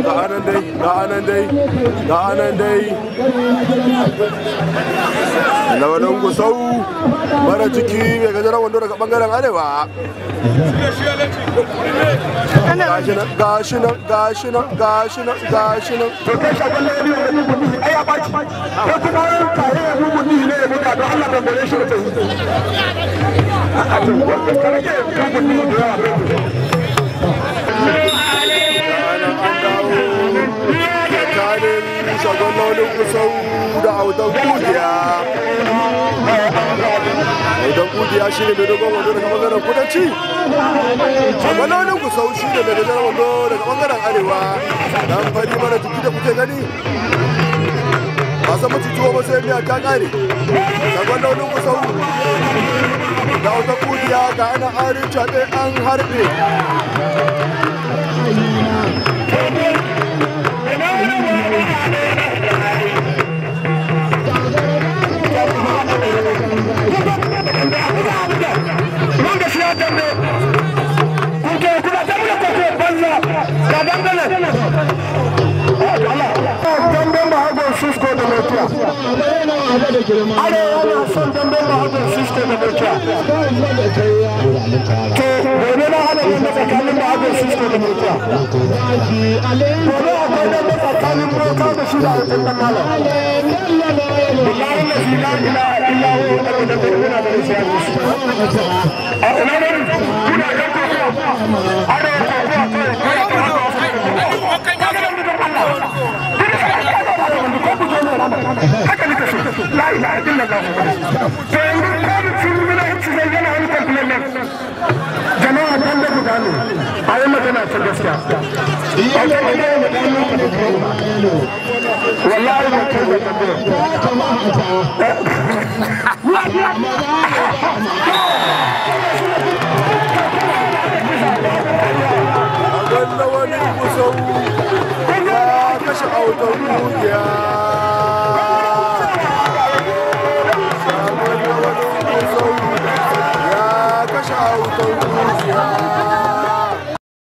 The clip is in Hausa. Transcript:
ga anan dai ga anan dai ga anan dai lawanin gusau mara ciki mai gajeren wando daga bangaren arewa gashi nan gashi nan gashi nan gashi nan gashi nan a shagwalolin kusau da autan kudiya autan kudiya shi ne wando daga bangaren kudanci shi ne wando daga bangaren arewa dan fari jiki da kuke gani mutuwa ba sai ta kare shagwalolin kusau da autan kudiya ga ana harin caɗe an harbe Kadang dene. Döndüm bahadır süs kodum ötüya. Ana yana son döndüm bahadır süs kodum ötüya. Ke döndüm bahadır döndüm bakalım bahadır süs kodum ötüya. Döndüm bahadır bakalım bahadır süs kodum ötüya. Billahi lezi la ilahe illa hu ve tebiruna da isyanmış. Ona verin. Buna yok yok. Ana haka nika so la ilaha ko da cin mina hinci zai yana jama'a kan da gane a yi magana ta gaskiya wallahi ba kai da wani kashe